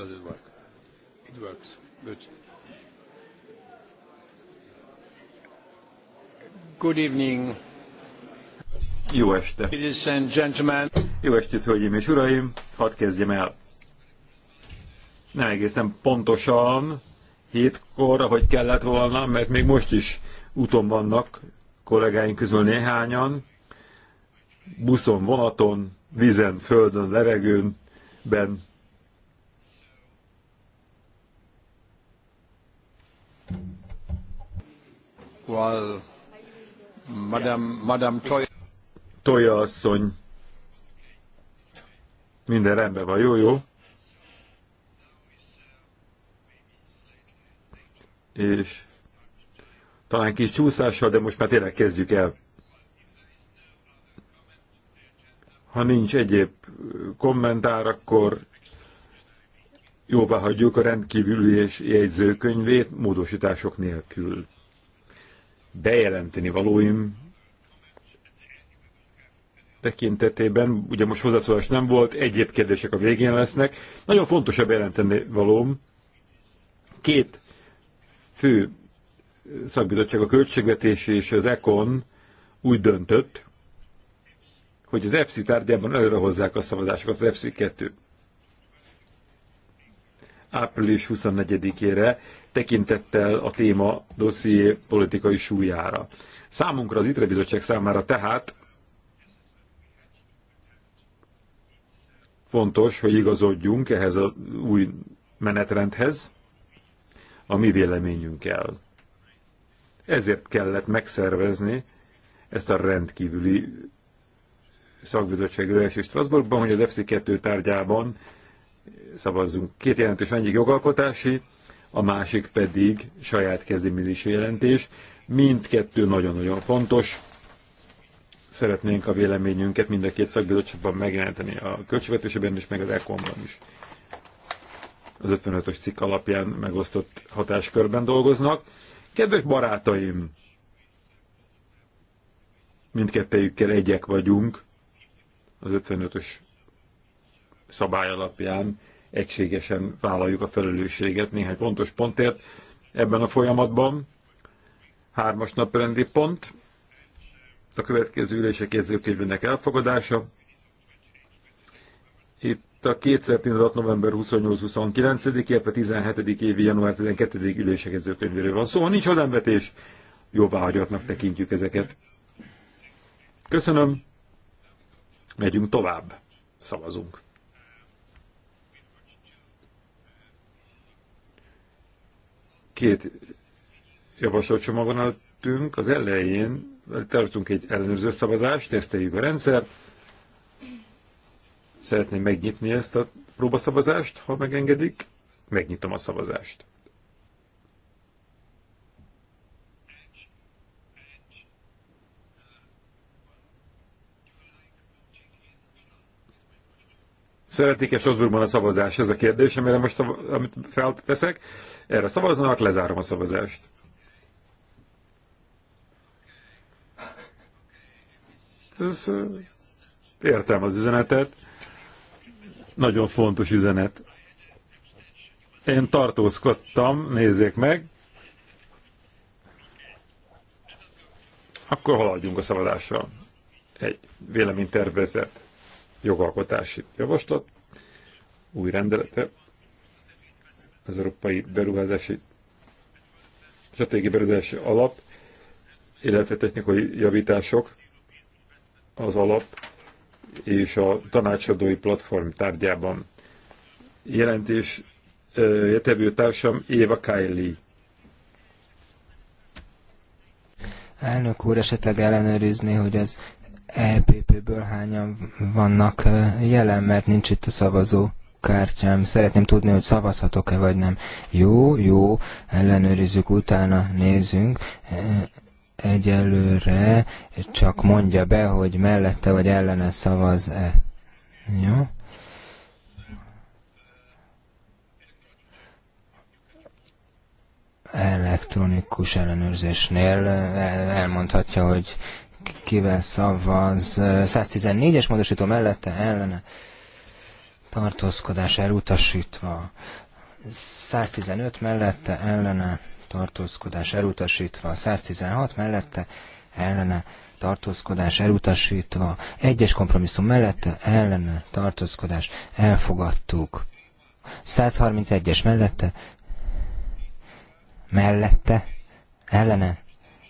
Does work? It works. Good. Good evening. Jó este. Ladies and gentlemen. Jó estét, hölgyeim és uraim. Hadd kezdjem el. Nem egészen pontosan, hétkor, ahogy kellett volna, mert még most is úton vannak kollégáink közül néhányan, buszon, vonaton, vizen, földön, levegőn, ben Toja Madame, Madame asszony. Minden rendben van, jó, jó. És talán kis csúszással, de most már tényleg kezdjük el. Ha nincs egyéb kommentár, akkor jóvá hagyjuk a rendkívüli és jegyzőkönyvét módosítások nélkül bejelenteni valóim tekintetében, ugye most hozzászólás nem volt, egyéb kérdések a végén lesznek. Nagyon fontos a bejelenteni valóm. Két fő szakbizottság, a Költségvetési és az ECON úgy döntött, hogy az FC tárgyában hozzák a szavazásokat, az FC 2 április 24-ére tekintettel a téma dosszié politikai súlyára. Számunkra az ITRE bizottság számára tehát fontos, hogy igazodjunk ehhez a új menetrendhez a mi véleményünkkel. Ezért kellett megszervezni ezt a rendkívüli szakbizottság ülés Strasbourgban, hogy az FC2 tárgyában szavazzunk két jelentős, egyik jogalkotási, a másik pedig saját kezdeményezési jelentés. Mindkettő nagyon-nagyon fontos. Szeretnénk a véleményünket mind a két szakbizottságban megjelenteni a költségvetésében is, meg az ECOM-ban is. Az 55-ös cikk alapján megosztott hatáskörben dolgoznak. Kedves barátaim! mindkettőjükkel egyek vagyunk az 55-ös szabály alapján egységesen vállaljuk a felelősséget néhány fontos pontért ebben a folyamatban. Hármas naprendi pont, a következő ülések jegyzőkönyvének elfogadása. Itt a 2016. november 28-29, illetve 17. évi január 12. ülések jegyzőkönyvéről van szó. Szóval nincs ademvetés, jóváhagyatnak tekintjük ezeket. Köszönöm, megyünk tovább, szavazunk. két javaslatcsomagon álltunk. Az elején tartunk egy ellenőrző szavazást, teszteljük a rendszer. Szeretném megnyitni ezt a próbaszavazást, ha megengedik. Megnyitom a szavazást. szeretik, és Strasbourgban a szavazás, ez a kérdés, amire most szava, amit felteszek. Erre szavaznak, lezárom a szavazást. Ez, értem az üzenetet. Nagyon fontos üzenet. Én tartózkodtam, nézzék meg. Akkor haladjunk a szavazással. Egy véleménytervezet jogalkotási javaslat, új rendelete, az Európai Beruházási Stratégiai Beruházási Alap, illetve technikai javítások az alap és a tanácsadói platform tárgyában. Jelentés jetevő társam Éva Kylie. Elnök úr esetleg ellenőrizni, hogy az EPP-ből hányan vannak jelen, mert nincs itt a szavazó kártyám. Szeretném tudni, hogy szavazhatok-e vagy nem. Jó, jó, ellenőrizzük, utána nézzünk. E, egyelőre csak mondja be, hogy mellette vagy ellene szavaz-e. Jó? Elektronikus ellenőrzésnél elmondhatja, hogy kivel szavaz, 114-es módosító mellette ellene tartózkodás elutasítva, 115 mellette ellene tartózkodás elutasítva, 116 mellette ellene tartózkodás elutasítva, egyes kompromisszum mellette ellene tartózkodás elfogadtuk. 131-es mellette mellette ellene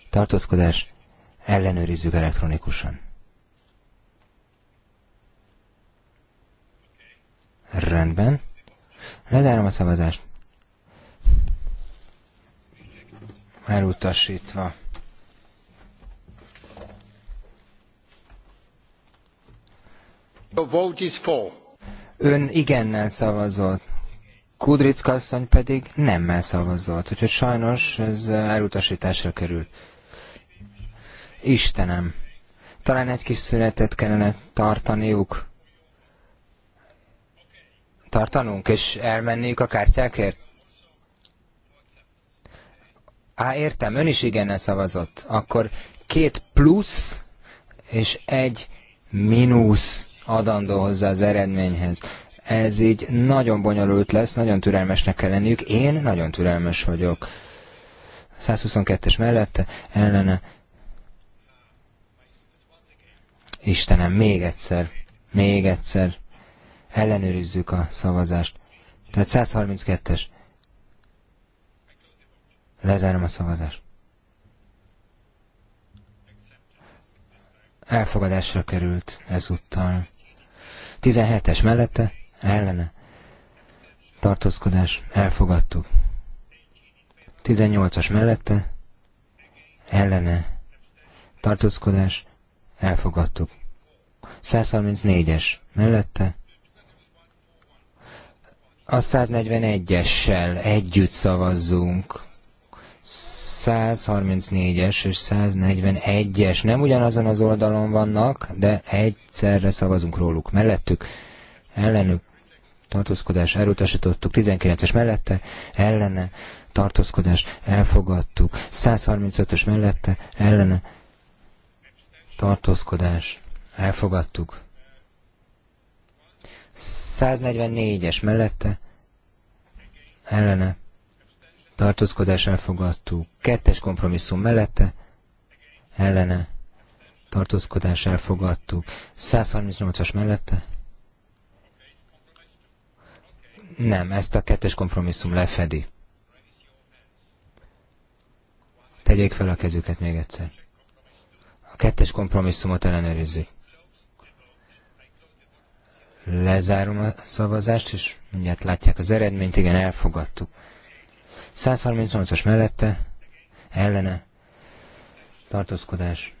tartózkodás ellenőrizzük elektronikusan. Rendben. Lezárom a szavazást. Elutasítva. Ön igennel szavazott. Kudricka asszony pedig nemmel szavazott, úgyhogy sajnos ez elutasításra került. Istenem, talán egy kis szünetet kellene tartaniuk. Tartanunk, és elmenniük a kártyákért? Á, értem, ön is igennel szavazott. Akkor két plusz és egy mínusz adandó hozzá az eredményhez. Ez így nagyon bonyolult lesz, nagyon türelmesnek kell lenniük. Én nagyon türelmes vagyok. 122-es mellette, ellene Istenem, még egyszer, még egyszer, ellenőrizzük a szavazást. Tehát 132-es. Lezárom a szavazást. Elfogadásra került ezúttal. 17-es mellette, ellene. Tartózkodás, elfogadtuk. 18-as mellette, ellene. Tartózkodás, elfogadtuk. 134-es mellette. A 141-essel együtt szavazzunk. 134-es és 141-es nem ugyanazon az oldalon vannak, de egyszerre szavazunk róluk. Mellettük, ellenük, tartózkodás, elutasítottuk, 19-es mellette, ellene, tartózkodás, elfogadtuk, 135-ös mellette, ellene, tartózkodás, elfogadtuk. 144-es mellette, ellene, tartózkodás elfogadtuk. Kettes kompromisszum mellette, ellene, tartózkodás elfogadtuk. 138-as mellette, nem, ezt a kettes kompromisszum lefedi. Tegyék fel a kezüket még egyszer kettes kompromisszumot ellenőrizzük. Lezárom a szavazást, és mindjárt látják az eredményt, igen, elfogadtuk. 138-as mellette, ellene, tartózkodás.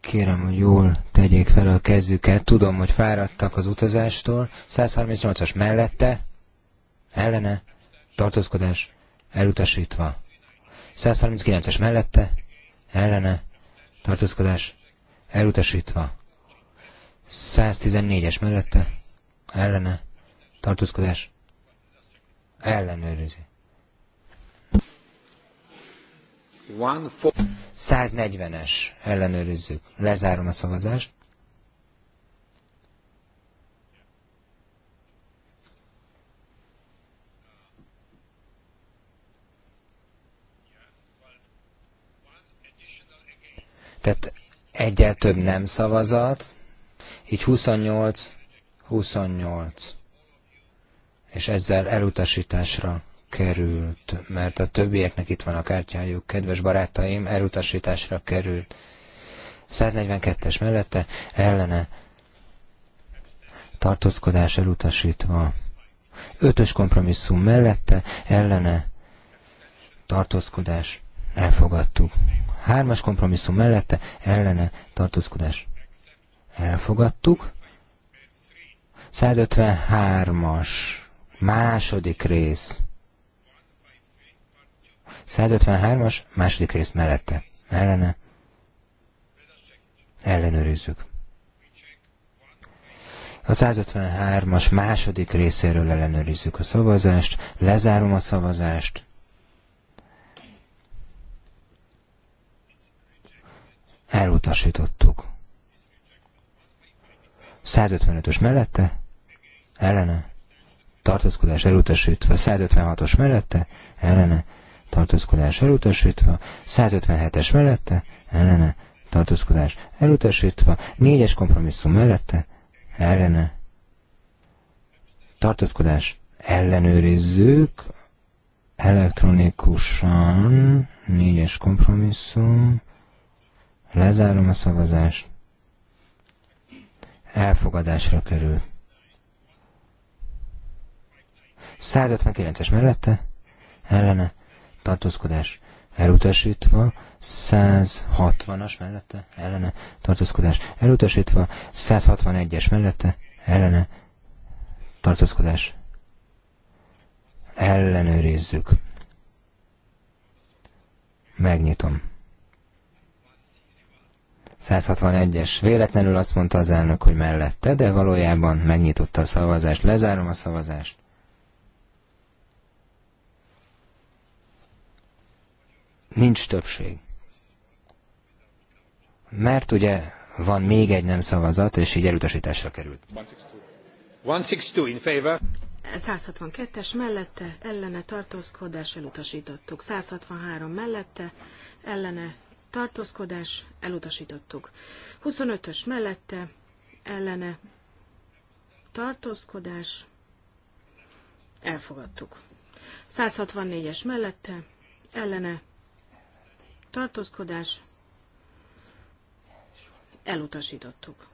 Kérem, hogy jól tegyék fel a kezüket. Tudom, hogy fáradtak az utazástól. 138-as mellette, ellene, tartózkodás, elutasítva. 139-es mellette, ellene, tartózkodás elutasítva. 114-es mellette, ellene, tartózkodás ellenőrizi. 140-es ellenőrizzük. Lezárom a szavazást. Tehát egyel több nem szavazat, így 28, 28. És ezzel elutasításra került, mert a többieknek itt van a kártyájuk, kedves barátaim, elutasításra került. 142-es mellette ellene tartózkodás elutasítva. Ötös kompromisszum mellette ellene tartózkodás elfogadtuk. Hármas kompromisszum mellette ellene tartózkodás. Elfogadtuk. 153-as második rész. 153-as második rész mellette. Ellene. Ellenőrizzük. A 153-as második részéről ellenőrizzük a szavazást, lezárom a szavazást, Elutasítottuk. 155-ös mellette, ellene, tartózkodás elutasítva, 156-os mellette, ellene, tartózkodás elutasítva, 157-es mellette, ellene, tartózkodás elutasítva, 4-es kompromisszum mellette, ellene, tartózkodás ellenőrizzük, elektronikusan, 4-es kompromisszum, Lezárom a szavazást. Elfogadásra kerül. 159-es mellette, ellene, tartózkodás elutasítva, 160-as mellette, ellene, tartózkodás elutasítva, 161-es mellette, ellene, tartózkodás ellenőrizzük. Megnyitom. 161-es véletlenül azt mondta az elnök, hogy mellette, de valójában megnyitotta a szavazást. Lezárom a szavazást. Nincs többség. Mert ugye van még egy nem szavazat, és így elutasításra került. 162 in favor. es mellette, ellene tartózkodás elutasítottuk. 163 mellette, ellene tartózkodás, elutasítottuk. 25-ös mellette, ellene, tartózkodás, elfogadtuk. 164-es mellette, ellene, tartózkodás, elutasítottuk.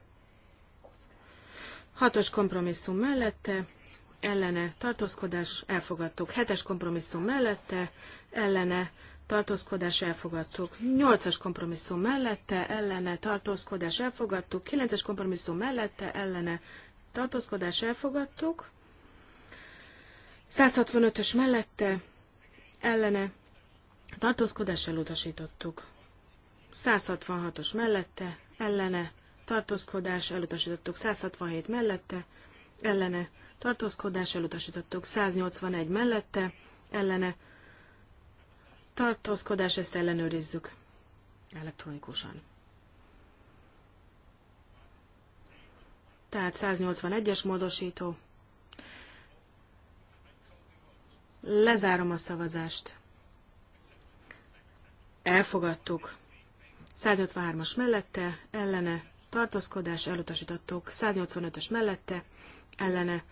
Hatos kompromisszum mellette, ellene tartózkodás, elfogadtuk. Hetes kompromisszum mellette, ellene tartózkodás elfogadtuk. 8-as kompromisszum mellette, ellene, tartózkodás elfogadtuk. 9-es kompromisszum mellette, ellene, tartózkodás elfogadtuk. 165-ös mellette, ellene, tartózkodás elutasítottuk. 166-os mellette, ellene, tartózkodás elutasítottuk. 167 mellette, ellene, tartózkodás elutasítottuk. 181 mellette, ellene, tartózkodás, ezt ellenőrizzük elektronikusan. Tehát 181-es módosító. Lezárom a szavazást. Elfogadtuk. 183-as mellette, ellene, tartózkodás, elutasítottuk. 185-ös mellette, ellene,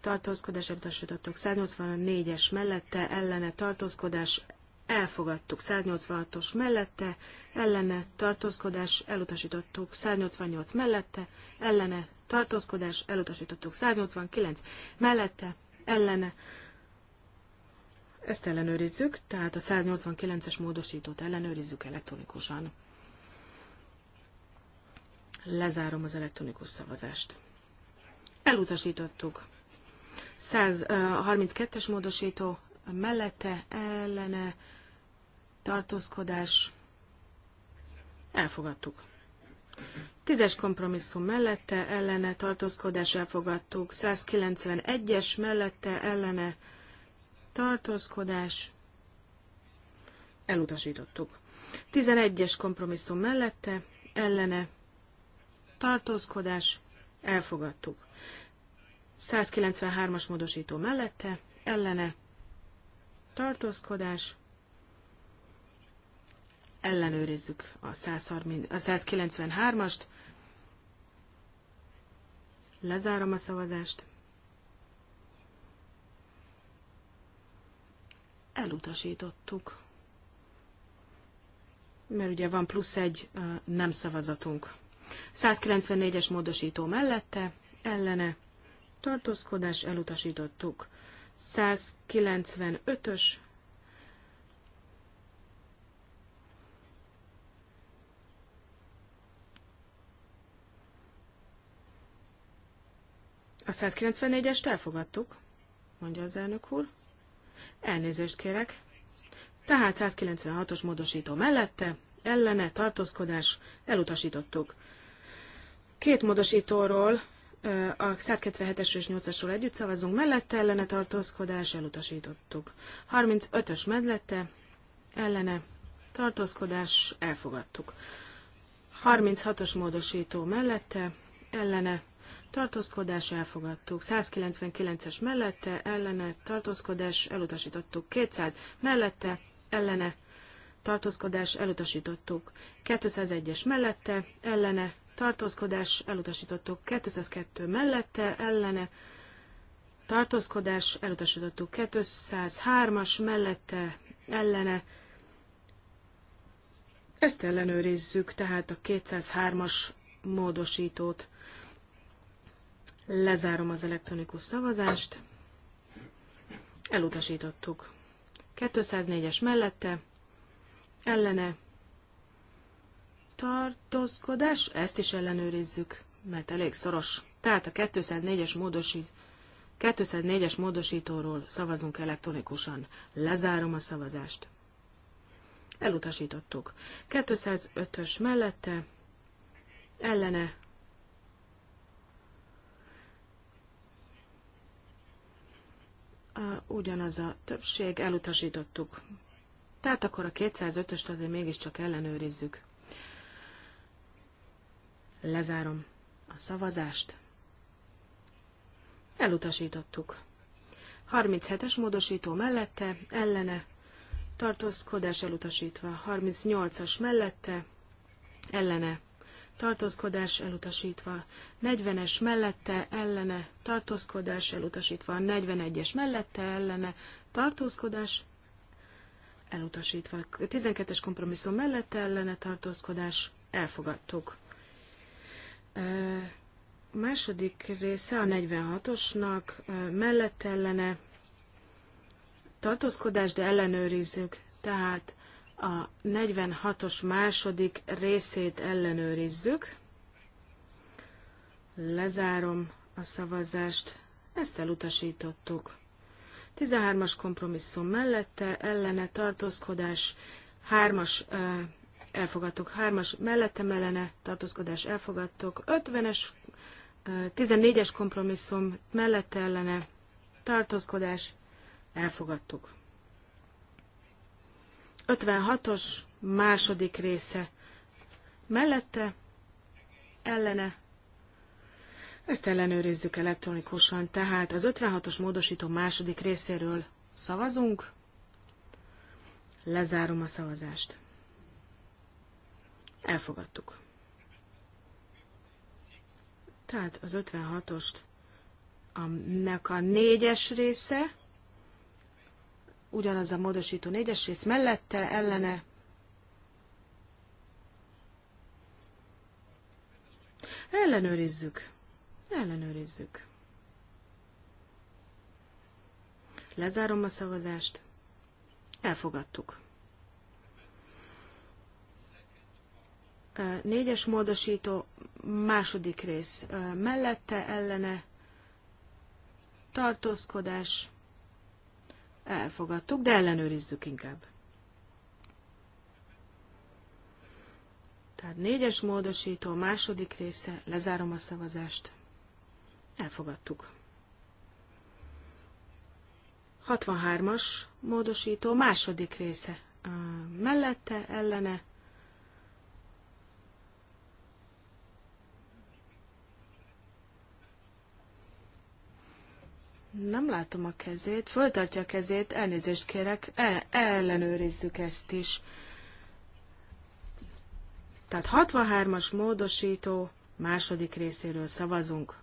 tartózkodás, elutasítottuk. 184-es mellette, ellene, tartózkodás, elfogadtuk 186-os mellette, ellene tartózkodás, elutasítottuk 188 mellette, ellene tartózkodás, elutasítottuk 189 mellette, ellene. Ezt ellenőrizzük, tehát a 189-es módosítót ellenőrizzük elektronikusan. Lezárom az elektronikus szavazást. Elutasítottuk. 132-es módosító mellette, ellene, tartózkodás, elfogadtuk. Tízes kompromisszum mellette, ellene, tartózkodás, elfogadtuk. 191-es mellette, ellene, tartózkodás, elutasítottuk. 11-es kompromisszum mellette, ellene, tartózkodás, elfogadtuk. 193-as módosító mellette, ellene, tartózkodás, ellenőrizzük a, 130, a 193-ast. Lezárom a szavazást. Elutasítottuk. Mert ugye van plusz egy nem szavazatunk. 194-es módosító mellette, ellene, tartózkodás elutasítottuk. 195-ös A 194-est elfogadtuk, mondja az elnök úr. Elnézést kérek. Tehát 196-os módosító mellette, ellene, tartózkodás, elutasítottuk. Két módosítóról, a 197-es és 8-asról együtt szavazunk mellette, ellene tartózkodás, elutasítottuk. 35-ös mellette, ellene tartózkodás, elfogadtuk. 36-os módosító mellette, ellene tartózkodás elfogadtuk. 199-es mellette, ellene, tartózkodás elutasítottuk. 200 mellette, ellene, tartózkodás elutasítottuk. 201-es mellette, ellene, tartózkodás elutasítottuk. 202 mellette, ellene, tartózkodás elutasítottuk. 203-as mellette, ellene, ezt ellenőrizzük, tehát a 203-as módosítót Lezárom az elektronikus szavazást. Elutasítottuk. 204-es mellette, ellene, tartózkodás, ezt is ellenőrizzük, mert elég szoros. Tehát a 204-es módosít, 204-es módosítóról szavazunk elektronikusan. Lezárom a szavazást. Elutasítottuk. 205-ös mellette, ellene, ugyanaz a többség, elutasítottuk. Tehát akkor a 205-öst azért mégiscsak ellenőrizzük. Lezárom a szavazást. Elutasítottuk. 37-es módosító mellette, ellene, tartózkodás elutasítva. 38-as mellette, ellene, tartózkodás elutasítva, 40-es mellette ellene tartózkodás elutasítva, 41-es mellette ellene tartózkodás elutasítva, 12-es kompromisszum mellette ellene tartózkodás elfogadtuk. E, második része a 46-osnak mellette ellene tartózkodás, de ellenőrizzük, tehát a 46-os második részét ellenőrizzük. Lezárom a szavazást. Ezt elutasítottuk. 13-as kompromisszum mellette ellene tartózkodás, 3-as elfogadtuk, 3-as mellette ellene tartózkodás elfogadtuk, 50-es, 14-es kompromisszum mellette ellene tartózkodás elfogadtuk. 56-os második része. Mellette, ellene. Ezt ellenőrizzük elektronikusan, tehát az 56-os módosító második részéről szavazunk. Lezárom a szavazást. Elfogadtuk. Tehát az 56-ost a, a négyes része ugyanaz a módosító négyes rész mellette, ellene. Ellenőrizzük. Ellenőrizzük. Lezárom a szavazást. Elfogadtuk. Négyes módosító, második rész mellette, ellene, tartózkodás, Elfogadtuk, de ellenőrizzük inkább. Tehát négyes módosító második része, lezárom a szavazást. Elfogadtuk. 63-as módosító második része. Mellette, ellene, Nem látom a kezét. Föltartja a kezét, elnézést kérek, E ellenőrizzük ezt is. Tehát 63-as módosító második részéről szavazunk.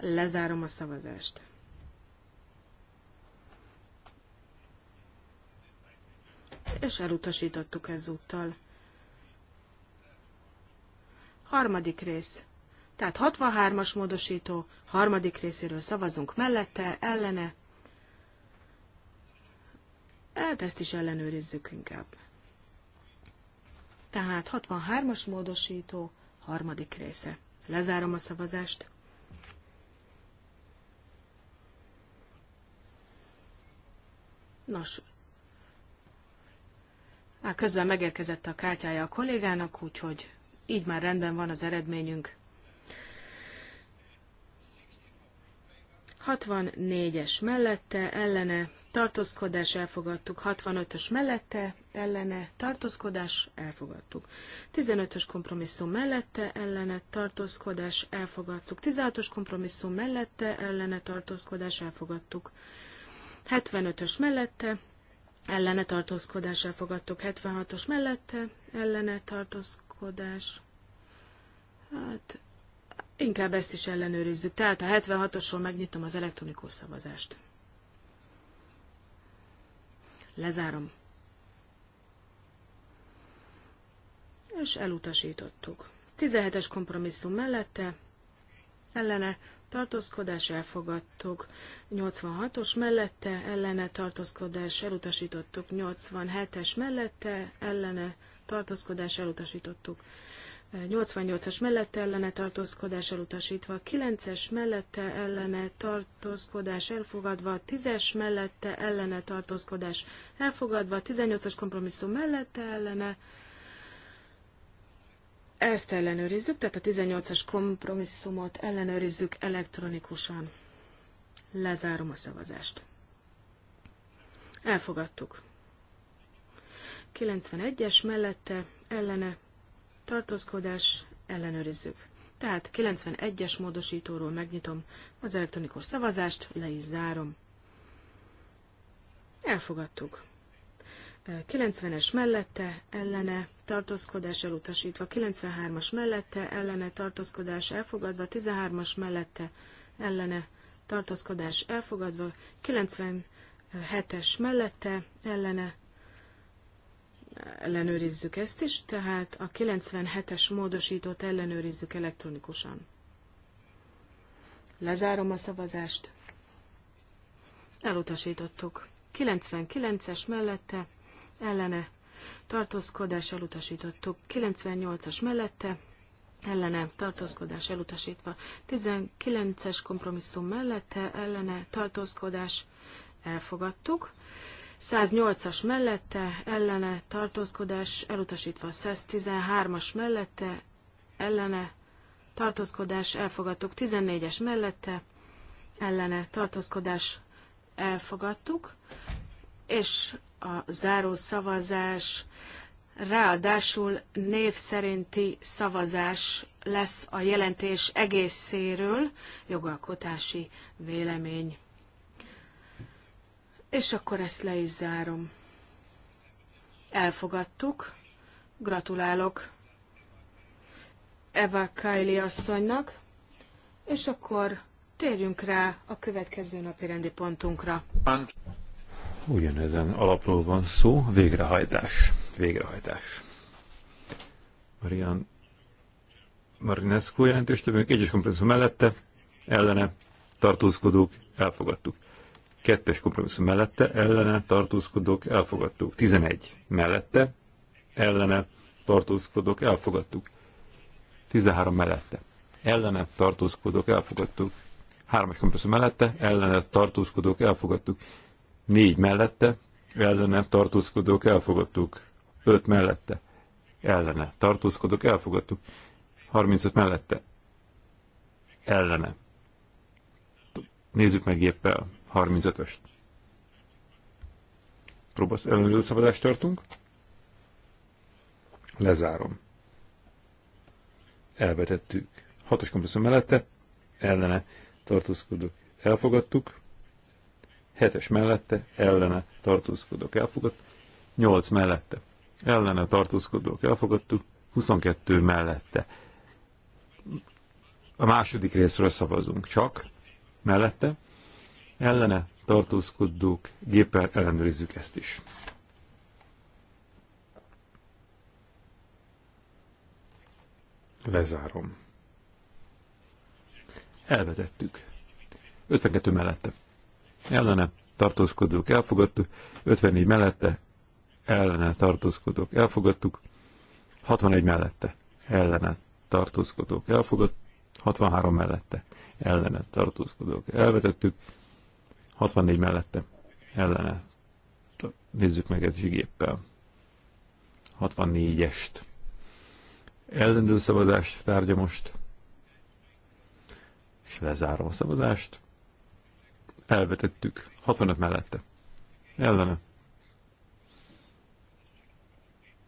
Lezárom a szavazást. És elutasítottuk ezúttal. Harmadik rész. Tehát 63-as módosító harmadik részéről szavazunk mellette, ellene. Hát ezt is ellenőrizzük inkább. Tehát 63-as módosító harmadik része. Lezárom a szavazást. Nos, már közben megérkezett a kártyája a kollégának, úgyhogy így már rendben van az eredményünk. 64-es mellette, ellene, tartózkodás elfogadtuk. 65-ös mellette, ellene, tartózkodás elfogadtuk. 15-ös kompromisszum mellette, ellene, tartózkodás elfogadtuk. 16-os kompromisszum mellette, ellene, tartózkodás elfogadtuk. 75-ös mellette, ellene tartózkodás elfogadtuk. 76-os mellette, ellene tartózkodás. Hát Inkább ezt is ellenőrizzük. Tehát a 76-osról megnyitom az elektronikus szavazást. Lezárom. És elutasítottuk. 17-es kompromisszum mellette, ellene tartózkodás elfogadtuk, 86-os mellette, ellene tartózkodás elutasítottuk, 87-es mellette, ellene tartózkodás elutasítottuk. 88-as mellette ellene tartózkodás elutasítva, 9-es mellette ellene tartózkodás elfogadva, 10-es mellette ellene tartózkodás elfogadva, 18-as kompromisszum mellette ellene. Ezt ellenőrizzük, tehát a 18-as kompromisszumot ellenőrizzük elektronikusan. Lezárom a szavazást. Elfogadtuk. 91-es mellette ellene tartózkodás, ellenőrizzük. Tehát 91-es módosítóról megnyitom az elektronikus szavazást, le is zárom. Elfogadtuk. 90-es mellette, ellene, tartózkodás elutasítva, 93-as mellette, ellene, tartózkodás elfogadva, 13-as mellette, ellene, tartózkodás elfogadva, 97-es mellette, ellene, ellenőrizzük ezt is, tehát a 97-es módosítót ellenőrizzük elektronikusan. Lezárom a szavazást. Elutasítottuk. 99-es mellette, ellene, tartózkodás elutasítottuk. 98-as mellette, ellene, tartózkodás elutasítva. 19-es kompromisszum mellette, ellene, tartózkodás elfogadtuk. 108-as mellette, ellene, tartózkodás elutasítva. 113-as mellette, ellene, tartózkodás elfogadtuk. 14-es mellette, ellene, tartózkodás elfogadtuk. És a záró szavazás ráadásul név szerinti szavazás lesz a jelentés egészéről jogalkotási vélemény és akkor ezt le is zárom. Elfogadtuk. Gratulálok Eva Kylie asszonynak. És akkor térjünk rá a következő napi rendi pontunkra. Ugyanezen alapról van szó, végrehajtás. Végrehajtás. Marian Marinescu jelentéstevőnk egyes kompromisszum mellette, ellene tartózkodók, elfogadtuk. Kettes kompromisszum mellette, ellene tartózkodók elfogadtuk. 11 mellette, ellene tartózkodók elfogadtuk. 13 mellette, ellene tartózkodók elfogadtuk. 3 kompromisszum mellette, ellene tartózkodók elfogadtuk. 4 mellette, ellene tartózkodók elfogadtuk. 5 mellette, ellene tartózkodók elfogadtuk. 35 mellette, ellene. Nézzük meg éppen. 35 öst Próbasz előző szavazást tartunk. Lezárom. Elvetettük. Hatos kompresszor mellette, ellene tartózkodok. Elfogadtuk. Hetes mellette, ellene tartózkodok. Elfogadtuk. 8 mellette, ellene tartózkodók elfogadtuk, 22 mellette. A második részről szavazunk csak, mellette, ellene tartózkodók, géppel ellenőrizzük ezt is. Lezárom. Elvetettük. 52 mellette. Ellene tartózkodók elfogadtuk, 54 mellette, ellene tartózkodók elfogadtuk, 61 mellette, ellene tartózkodók elfogadtuk, 63 mellette, ellene tartózkodók elvetettük, 64 mellette ellene. Nézzük meg ez zsigéppel. 64-est. Ellendő szavazást tárgya most. És lezárom a szavazást. Elvetettük. 65 mellette. Ellene.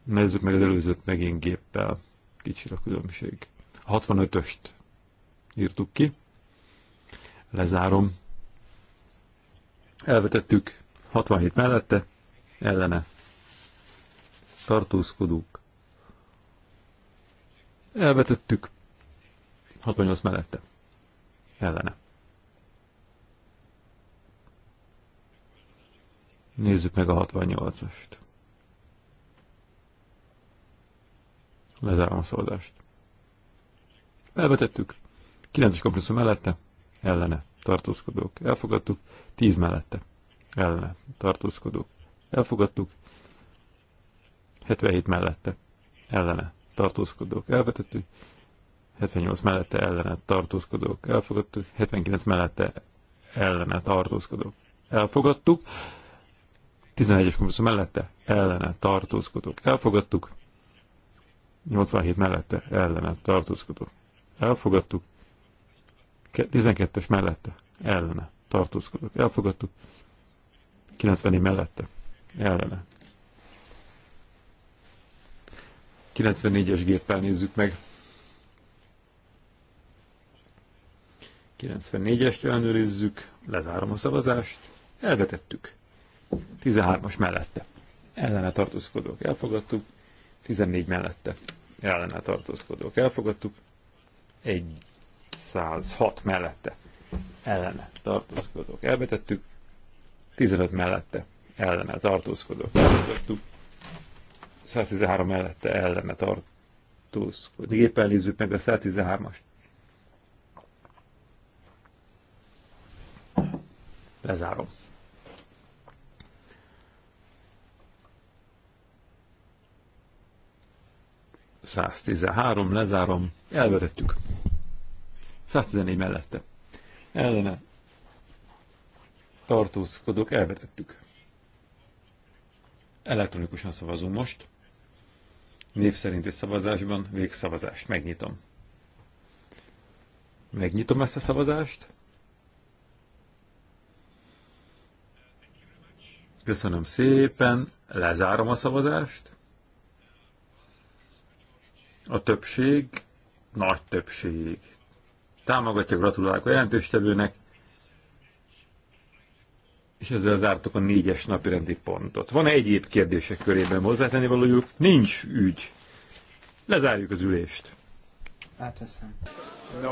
Nézzük meg az előzőt megint géppel. Kicsi a különbség. 65-öst írtuk ki. Lezárom Elvetettük 67 mellette, ellene. Tartózkodunk. Elvetettük 68 mellette, ellene. Nézzük meg a 68-ast. Lezárom a szoldást. Elvetettük. 9-es kompresszor mellette, ellene tartózkodók, elfogadtuk. tíz mellette, ellene, tartózkodók, elfogadtuk. 77 mellette, ellene, tartózkodók, elvetettük. 78 mellette ellene tartózkodók, elfogadtuk. 79 mellette ellene tartózkodók, elfogadtuk. 11-es kompromisszum mellette ellene tartózkodók, elfogadtuk. 87 mellette ellene tartózkodók, elfogadtuk. 12-es mellette, ellene, tartózkodok, elfogadtuk. 90 mellette, ellene. 94-es géppel nézzük meg. 94-est ellenőrizzük, lezárom a szavazást, elvetettük. 13-as mellette. Ellene tartózkodók elfogadtuk, 14 mellette. Ellene tartózkodók elfogadtuk, egy 106 mellette ellene tartózkodók elvetettük, 15 mellette ellene tartózkodók elvetettük, 113 mellette ellene tartózkodók. éppen nézzük meg a 113-as. Lezárom. tizenhárom, lezárom, elvetettük. 114 mellette. Ellene. Tartózkodók, elvetettük. Elektronikusan szavazunk most. Név szerinti szavazásban végszavazást. Megnyitom. Megnyitom ezt a szavazást. Köszönöm szépen, lezárom a szavazást. A többség, nagy többség, támogatja, gratulálok a jelentőstevőnek, és ezzel zártuk a négyes napirendi pontot. Van -e egyéb kérdések körében hozzátenni valójuk? Nincs ügy. Lezárjuk az ülést. Átveszem. No.